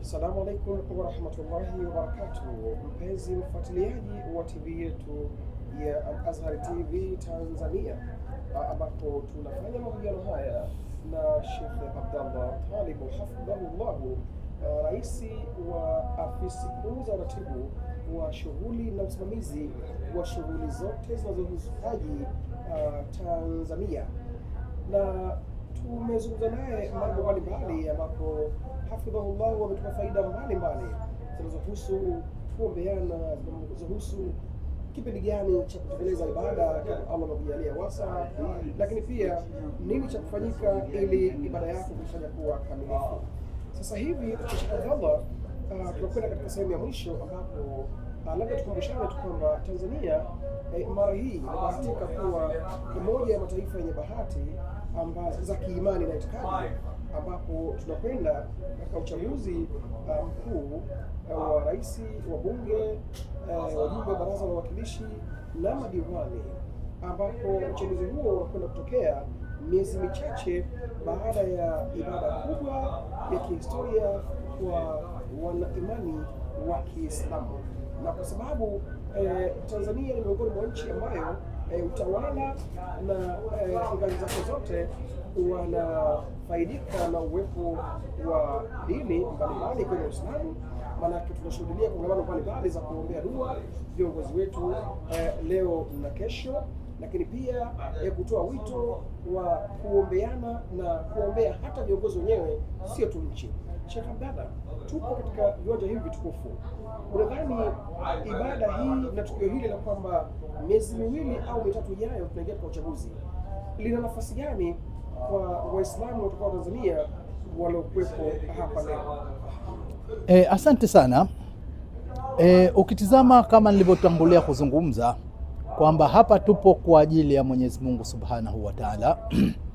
Assalamu alaikum warahmatullahi wabarakatuh, mpenzi mfuatiliaji wa TV yetu ya Al Azhar TV Tanzania, ah, ambapo tunafanya mahojiano haya na Sheikh Abdallah Talibu hafidhahullahu, ah, rais wa afisi kuu za uratibu wa shughuli na usimamizi wa shughuli zote zinazohitaji uh, ah, Tanzania, na tumezungumza naye mambo mbalimbali ambapo hafidhahullahu wametupa faida mbalimbali zinazohusu kuombeana, zinazohusu kipindi gani cha kutekeleza ibada kama Allah amekujalia wasa, lakini pia nini cha kufanyika ili ibada yako kuifanya kuwa kamilifu. Sasa hivi inshallah ah, tunakwenda katika sehemu ya mwisho ambapo ah, labda tukumbushane tu kwamba Tanzania eh, mara hii imebahatika kuwa moja ya mataifa yenye bahati amba, za kiimani na itikadi, ambapo tunakwenda katika uchaguzi uh, mkuu um, wa rais, wa bunge, wajumbe uh, wa baraza la wawakilishi na madiwani, ambapo uchaguzi huo unakwenda kutokea miezi michache baada ya ibada kubwa ya kihistoria kwa wanaimani wa Kiislamu na kwa sababu eh, Tanzania ni miongoni mwa nchi ambayo e, utawala na e, ngazi zake zote wanafaidika na uwepo wa dini mbalimbali kwenye Uislamu, maanake tunashuhudia kongamano mbalimbali za kuombea dua viongozi wetu e, leo na kesho, lakini pia e, kutoa wito wa kuombeana na kuombea hata viongozi wenyewe, sio tu nchi Sheikh Abdalla, tupo katika viwanja hivi vitukufu, unadhani ibada hii na tukio hili la kwamba miezi miwili au mitatu ijayo tunaingia kwa uchaguzi lina nafasi gani kwa Waislamu kutoka wa Tanzania waliokuwepo hapa leo? E, asante sana. E, ukitizama kama nilivyotangulia kuzungumza kwamba hapa tupo kwa ajili ya Mwenyezi Mungu Subhanahu wa Ta'ala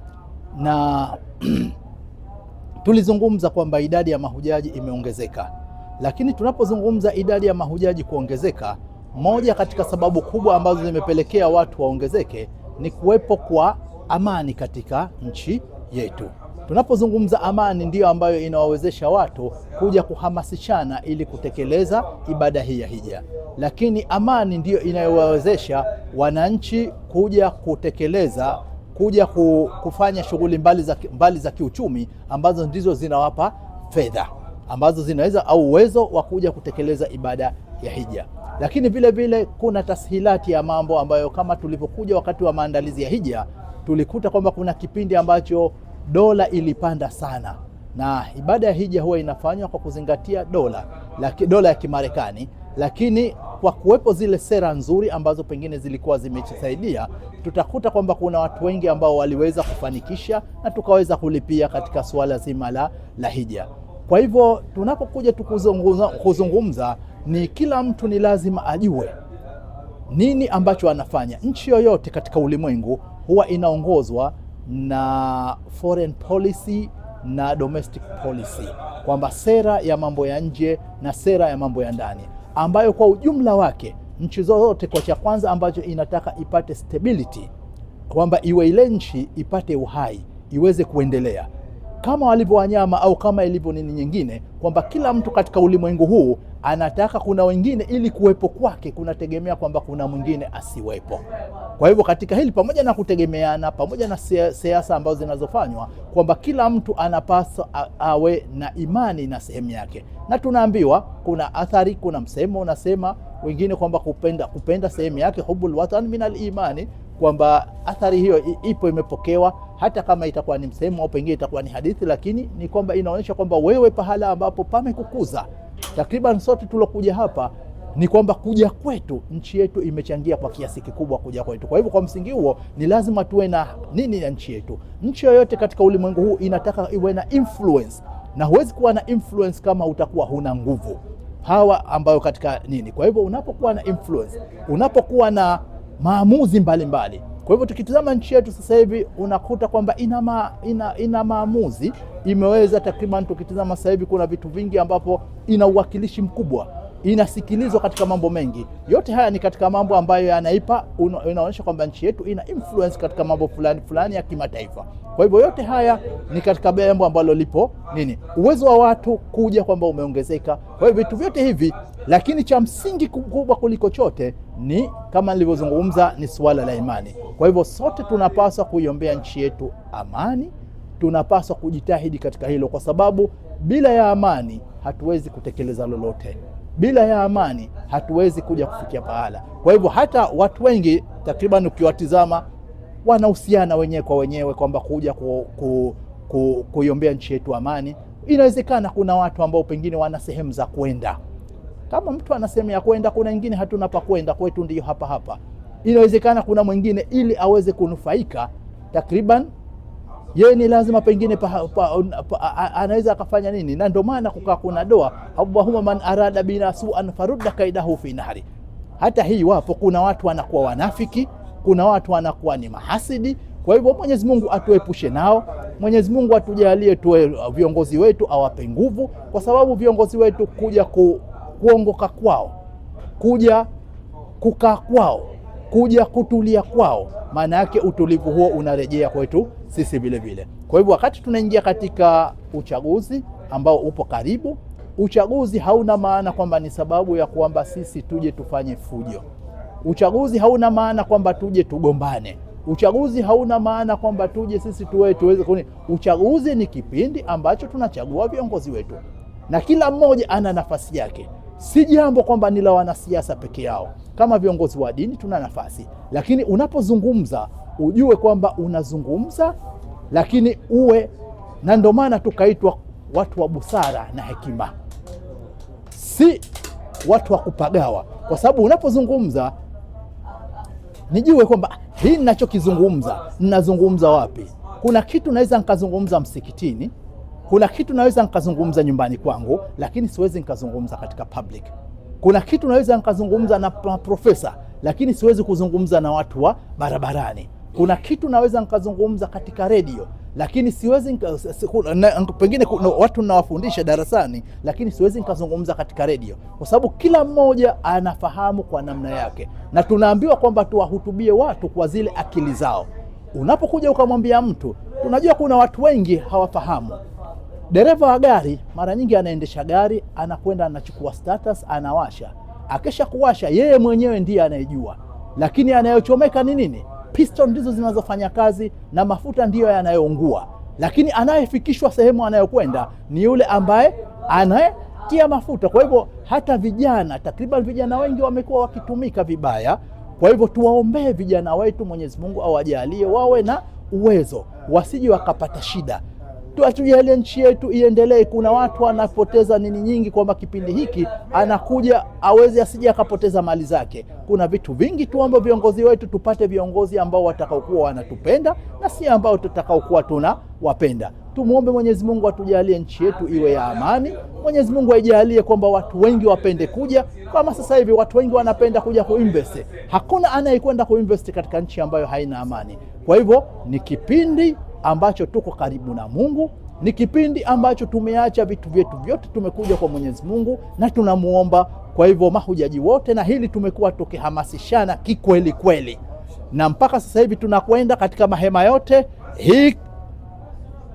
na Tulizungumza kwamba idadi ya mahujaji imeongezeka, lakini tunapozungumza idadi ya mahujaji kuongezeka, moja katika sababu kubwa ambazo zimepelekea watu waongezeke ni kuwepo kwa amani katika nchi yetu. Tunapozungumza amani, ndiyo ambayo inawawezesha watu kuja kuhamasishana ili kutekeleza ibada hii ya hija, lakini amani ndiyo inayowawezesha wananchi kuja kutekeleza kuja kufanya shughuli mbali za, mbali za kiuchumi ambazo ndizo zinawapa fedha ambazo zinaweza au uwezo wa kuja kutekeleza ibada ya hija. Lakini vile vile kuna tashilati ya mambo ambayo kama tulivyokuja wakati wa maandalizi ya hija tulikuta kwamba kuna kipindi ambacho dola ilipanda sana, na ibada ya hija huwa inafanywa kwa kuzingatia dola, dola ya Kimarekani lakini kwa kuwepo zile sera nzuri ambazo pengine zilikuwa zimesaidia tutakuta kwamba kuna watu wengi ambao waliweza kufanikisha na tukaweza kulipia katika suala zima la, la hija. Kwa hivyo tunapokuja tukuzungumza kuzungumza, ni kila mtu ni lazima ajue nini ambacho anafanya. Nchi yoyote katika ulimwengu huwa inaongozwa na foreign policy na domestic policy, kwamba sera ya mambo ya nje na sera ya mambo ya ndani ambayo kwa ujumla wake nchi zozote, kwa cha kwanza ambacho inataka ipate stability, kwamba iwe ile nchi ipate uhai, iweze kuendelea kama walivyo wanyama au kama ilivyo nini nyingine, kwamba kila mtu katika ulimwengu huu anataka kuna wengine, ili kuwepo kwake kunategemea kwamba kuna mwingine asiwepo. Kwa hivyo katika hili, pamoja na kutegemeana, pamoja na siasa ambazo zinazofanywa, kwamba kila mtu anapaswa awe na imani na sehemu yake, na tunaambiwa kuna athari, kuna msemo unasema wengine kwamba kupenda, kupenda sehemu yake, hubul watan min al imani kwamba athari hiyo ipo, imepokewa, hata kama itakuwa ni msemo au pengine itakuwa ni hadithi, lakini ni kwamba inaonyesha kwamba wewe pahala ambapo pamekukuza. Takriban sote tulokuja hapa ni kwamba kuja kwetu, nchi yetu imechangia kwa kiasi kikubwa kuja kwetu. Kwa hivyo, kwa msingi huo ni lazima tuwe na nini ya nchi yetu. Nchi yoyote katika ulimwengu huu inataka iwe na influence, na huwezi kuwa na influence kama utakuwa huna nguvu hawa ambayo katika nini. Kwa hivyo, unapokuwa na influence, unapokuwa na maamuzi mbalimbali Kwa hivyo tukitizama nchi yetu sasa hivi unakuta kwamba ina, ma, ina, ina maamuzi imeweza takriban, tukitizama sasa hivi kuna vitu vingi ambapo ina uwakilishi mkubwa inasikilizwa katika mambo mengi. Yote haya ni katika mambo ambayo yanaipa inaonyesha kwamba nchi yetu ina influence katika mambo fulani fulani ya kimataifa. Kwa hivyo yote haya ni katika jambo ambalo lipo nini, uwezo wa watu kuja kwamba umeongezeka. Kwa hivyo vitu vyote hivi, lakini cha msingi kubwa kuliko chote ni kama nilivyozungumza, ni suala la imani. Kwa hivyo sote tunapaswa kuiombea nchi yetu amani, tunapaswa kujitahidi katika hilo, kwa sababu bila ya amani hatuwezi kutekeleza lolote. Bila ya amani hatuwezi kuja kufikia pahala. Kwa hivyo hata watu wengi takriban ukiwatizama wanahusiana wenyewe kwa wenyewe kwamba kuja ku, ku, ku, kuiombea nchi yetu amani. Inawezekana kuna watu ambao pengine wana sehemu za kwenda, kama mtu ana sehemu ya kwenda, kuna wengine hatuna pa kwenda, kwetu ndio hapa hapa. Inawezekana kuna mwingine ili aweze kunufaika takriban yeye ni lazima pengine pa, pa, pa, anaweza akafanya nini, na ndio maana kukaa kuna doa allahumma man arada bina suan farudda kaidahu fi nahri. Hata hii wapo, kuna watu wanakuwa wanafiki, kuna watu wanakuwa ni mahasidi. Kwa hivyo Mwenyezi Mungu atuepushe nao. Mwenyezi Mungu atujalie tuwe uh, viongozi wetu awape nguvu, kwa sababu viongozi wetu kuja ku, kuongoka kwao, kuja kukaa kwao, kuja kutulia kwao, maana yake utulivu huo unarejea kwetu sisi vile vile. Kwa hivyo wakati tunaingia katika uchaguzi ambao upo karibu, uchaguzi hauna maana kwamba ni sababu ya kwamba sisi tuje tufanye fujo. Uchaguzi hauna maana kwamba tuje tugombane. Uchaguzi hauna maana kwamba tuje sisi tuwe tuweze kuni. Uchaguzi ni kipindi ambacho tunachagua viongozi wetu na kila mmoja ana nafasi yake. Si jambo kwamba ni la wanasiasa peke yao. Kama viongozi wa dini tuna nafasi, lakini unapozungumza ujue kwamba unazungumza, lakini uwe na, ndio maana tukaitwa watu wa busara na hekima, si watu wa kupagawa, kwa sababu unapozungumza nijue kwamba ah, hii ninachokizungumza ninazungumza wapi. Kuna kitu naweza nikazungumza msikitini, kuna kitu naweza nikazungumza nyumbani kwangu, lakini siwezi nikazungumza katika public. Kuna kitu naweza nikazungumza na maprofesa, lakini siwezi kuzungumza na watu wa barabarani. Kuna kitu naweza nikazungumza katika redio, lakini siwezi pengine watu nawafundisha darasani, lakini siwezi nikazungumza katika redio, kwa sababu kila mmoja anafahamu kwa namna yake, na tunaambiwa kwamba tuwahutubie watu kwa zile akili zao. Unapokuja ukamwambia mtu, tunajua kuna watu wengi hawafahamu Dereva wa gari mara nyingi anaendesha gari, anakwenda anachukua status, anawasha. Akisha kuwasha, yeye mwenyewe ndiye anayejua, lakini anayochomeka ni nini? piston ndizo zinazofanya kazi na mafuta ndiyo yanayoungua, lakini anayefikishwa sehemu anayokwenda ni yule ambaye anayetia mafuta. Kwa hivyo hata vijana, takriban vijana wengi wamekuwa wakitumika vibaya. Kwa hivyo tuwaombee vijana wetu, Mwenyezi Mungu awajalie wawe na uwezo, wasije wakapata shida tuatujalie nchi yetu iendelee. Kuna watu wanapoteza nini nyingi, kwamba kipindi hiki anakuja aweze asije akapoteza mali zake. Kuna vitu vingi, tuombe viongozi wetu, tupate viongozi ambao watakaokuwa wanatupenda na si ambao tutakaokuwa tuna wapenda Tumwombe Mwenyezi Mungu atujalie nchi yetu iwe ya amani. Mwenyezi Mungu aijalie kwamba watu wengi wapende kuja. Kama sasa hivi watu wengi wanapenda kuja kuinvest, hakuna anayekwenda kuinvest katika nchi ambayo haina amani. Kwa hivyo ni kipindi ambacho tuko karibu na Mungu, ni kipindi ambacho tumeacha vitu vyetu vyote, tumekuja kwa Mwenyezi Mungu na tunamuomba. Kwa hivyo mahujaji wote, na hili tumekuwa tukihamasishana kikweli kweli, na mpaka sasa hivi tunakwenda katika mahema yote hii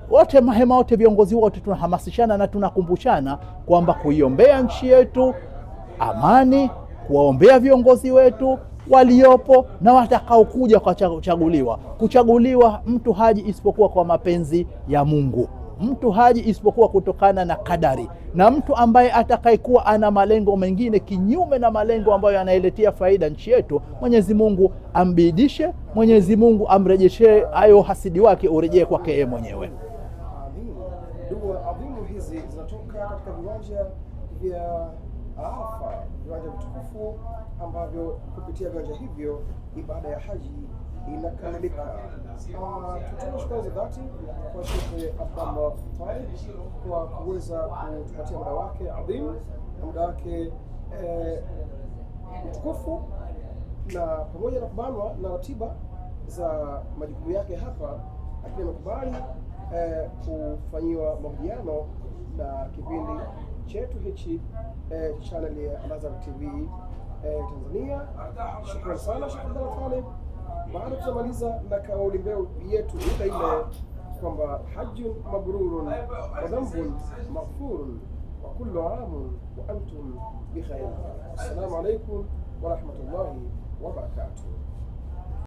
wote mahema wote, viongozi wote tunahamasishana na tunakumbushana kwamba kuiombea nchi yetu amani, kuwaombea viongozi wetu waliopo na watakaokuja kwa kuchaguliwa. Kuchaguliwa mtu haji isipokuwa kwa mapenzi ya Mungu, mtu haji isipokuwa kutokana na kadari, na mtu ambaye atakayekuwa ana malengo mengine kinyume na malengo ambayo yanailetea faida nchi yetu, Mwenyezi Mungu ambidishe, Mwenyezi Mungu amrejeshee hayo hasidi wake, urejee kwake yeye mwenyewe. Dua adhimu hizi zinatoka katika viwanja vya Arafa, viwanja vitukufu ambavyo kupitia viwanja hivyo ibada ya haji inakamilika. Ah, Tutoe shukrani za dhati kwa Sheikh Abdallah Tariq kwa kuweza kutupatia muda wake adhimu na muda wake eh, mtukufu, na pamoja na kubanwa na ratiba za majukumu yake hapa, lakini amekubali eh, kufanyiwa mahojiano na kipindi chetu hichi eh, channel ya Al-Azhar TV eh, Tanzania. Shukrani sana Sheikh Abdallah Talib. Baada tunamaliza na kauli mbiu yetu ile ile kwamba hajjun mabrurun wa dhanbun maghfurun wa kullu amun wa antum bikhair. Assalamu alaikum wa rahmatullahi wa barakatuh.